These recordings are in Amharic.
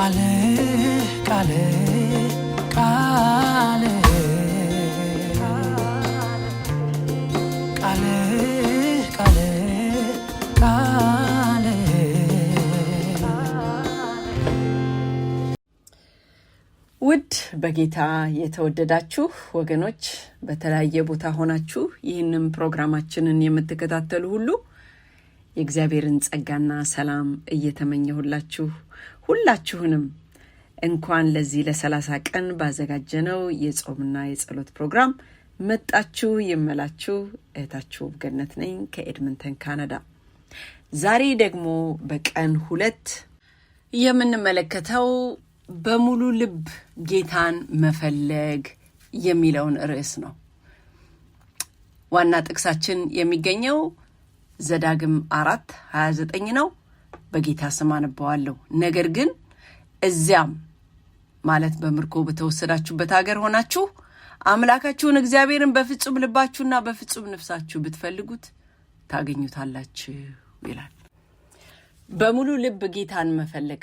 ቃል ቃል ቃል ቃል ቃል ቃል ውድ በጌታ የተወደዳችሁ ወገኖች በተለያየ ቦታ ሆናችሁ ይህንን ፕሮግራማችንን የምትከታተሉ ሁሉ የእግዚአብሔርን ጸጋና ሰላም እየተመኘሁላችሁ ሁላችሁንም እንኳን ለዚህ ለሰላሳ ቀን ባዘጋጀነው የጾምና የጸሎት ፕሮግራም መጣችሁ የመላችሁ እህታችሁ ገነት ነኝ ከኤድምንተን ካናዳ። ዛሬ ደግሞ በቀን ሁለት የምንመለከተው በሙሉ ልብ ጌታን መፈለግ የሚለውን ርዕስ ነው። ዋና ጥቅሳችን የሚገኘው ዘዳግም አራት 29 ነው። በጌታ ስም አነበዋለሁ። ነገር ግን እዚያም ማለት በምርኮ በተወሰዳችሁበት ሀገር ሆናችሁ አምላካችሁን እግዚአብሔርን በፍጹም ልባችሁና በፍጹም ነፍሳችሁ ብትፈልጉት ታገኙታላችሁ ይላል። በሙሉ ልብ ጌታን መፈለግ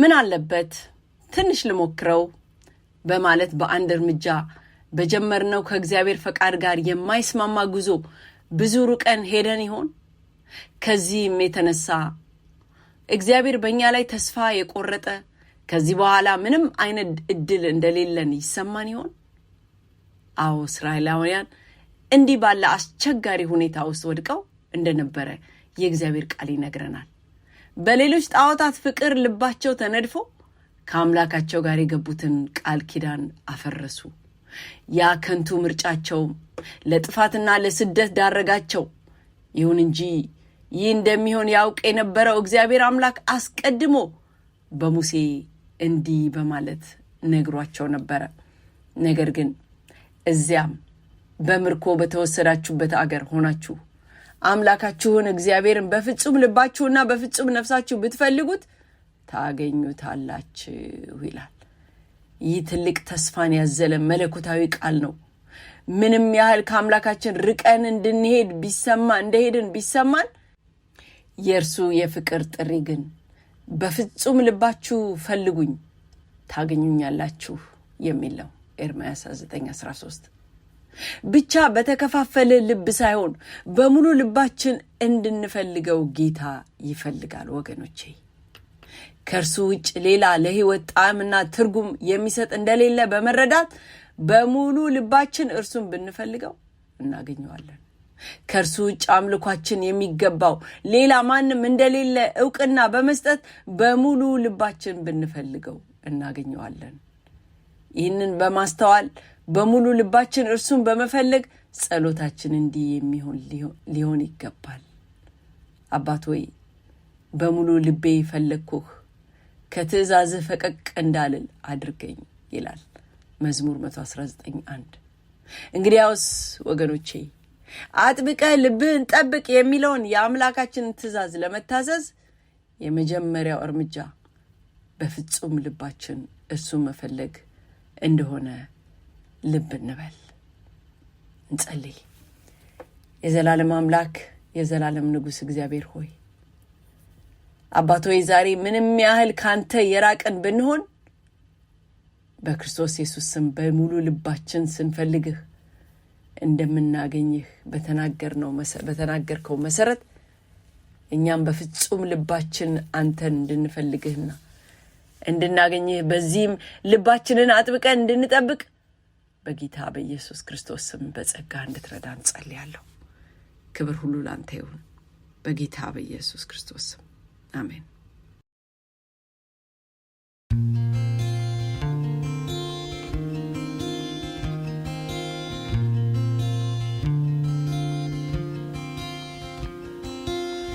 ምን አለበት ትንሽ ልሞክረው በማለት በአንድ እርምጃ በጀመርነው ከእግዚአብሔር ፈቃድ ጋር የማይስማማ ጉዞ ብዙ ሩቀን ሄደን ይሆን? ከዚህም የተነሳ እግዚአብሔር በእኛ ላይ ተስፋ የቆረጠ ከዚህ በኋላ ምንም አይነት እድል እንደሌለን ይሰማን ይሆን? አዎ እስራኤላውያን እንዲህ ባለ አስቸጋሪ ሁኔታ ውስጥ ወድቀው እንደነበረ የእግዚአብሔር ቃል ይነግረናል። በሌሎች ጣዖታት ፍቅር ልባቸው ተነድፎ ከአምላካቸው ጋር የገቡትን ቃል ኪዳን አፈረሱ። ያ ከንቱ ምርጫቸውም ለጥፋትና ለስደት ዳረጋቸው። ይሁን እንጂ ይህ እንደሚሆን ያውቅ የነበረው እግዚአብሔር አምላክ አስቀድሞ በሙሴ እንዲህ በማለት ነግሯቸው ነበረ። ነገር ግን እዚያም በምርኮ በተወሰዳችሁበት አገር ሆናችሁ አምላካችሁን እግዚአብሔርን በፍጹም ልባችሁና በፍጹም ነፍሳችሁ ብትፈልጉት ታገኙታላችሁ ይላል። ይህ ትልቅ ተስፋን ያዘለ መለኮታዊ ቃል ነው። ምንም ያህል ከአምላካችን ርቀን እንድንሄድ ቢሰማ እንደሄድን ቢሰማን የእርሱ የፍቅር ጥሪ ግን በፍጹም ልባችሁ ፈልጉኝ ታገኙኛላችሁ የሚል ነው። ኤርምያስ 9፥13 ብቻ በተከፋፈለ ልብ ሳይሆን በሙሉ ልባችን እንድንፈልገው ጌታ ይፈልጋል። ወገኖቼ ከእርሱ ውጭ ሌላ ለሕይወት ጣዕምና ትርጉም የሚሰጥ እንደሌለ በመረዳት በሙሉ ልባችን እርሱን ብንፈልገው እናገኘዋለን። ከእርሱ ውጭ አምልኳችን የሚገባው ሌላ ማንም እንደሌለ እውቅና በመስጠት በሙሉ ልባችን ብንፈልገው እናገኘዋለን። ይህንን በማስተዋል በሙሉ ልባችን እርሱን በመፈለግ ጸሎታችን እንዲህ የሚሆን ሊሆን ይገባል። አባት ሆይ በሙሉ ልቤ ፈለግኩህ፣ ከትእዛዝህ ፈቀቅ እንዳልል አድርገኝ ይላል መዝሙር 119 1 እንግዲያውስ ወገኖቼ አጥብቀ ልብህን ጠብቅ የሚለውን የአምላካችንን ትእዛዝ ለመታዘዝ የመጀመሪያው እርምጃ በፍጹም ልባችን እሱ መፈለግ እንደሆነ ልብ እንበል። እንጸልይ። የዘላለም አምላክ የዘላለም ንጉሥ እግዚአብሔር ሆይ አባት ሆይ ዛሬ ምንም ያህል ካንተ የራቅን ብንሆን በክርስቶስ ኢየሱስ ስም በሙሉ ልባችን ስንፈልግህ እንደምናገኝህ በተናገርከው መሰረት እኛም በፍጹም ልባችን አንተን እንድንፈልግህና እንድናገኝህ በዚህም ልባችንን አጥብቀን እንድንጠብቅ በጌታ በኢየሱስ ክርስቶስ ስም በጸጋ እንድትረዳ እንጸልያለሁ። ክብር ሁሉ ላንተ ይሁን፣ በጌታ በኢየሱስ ክርስቶስ ስም አሜን።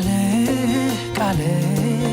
Kale, Calais.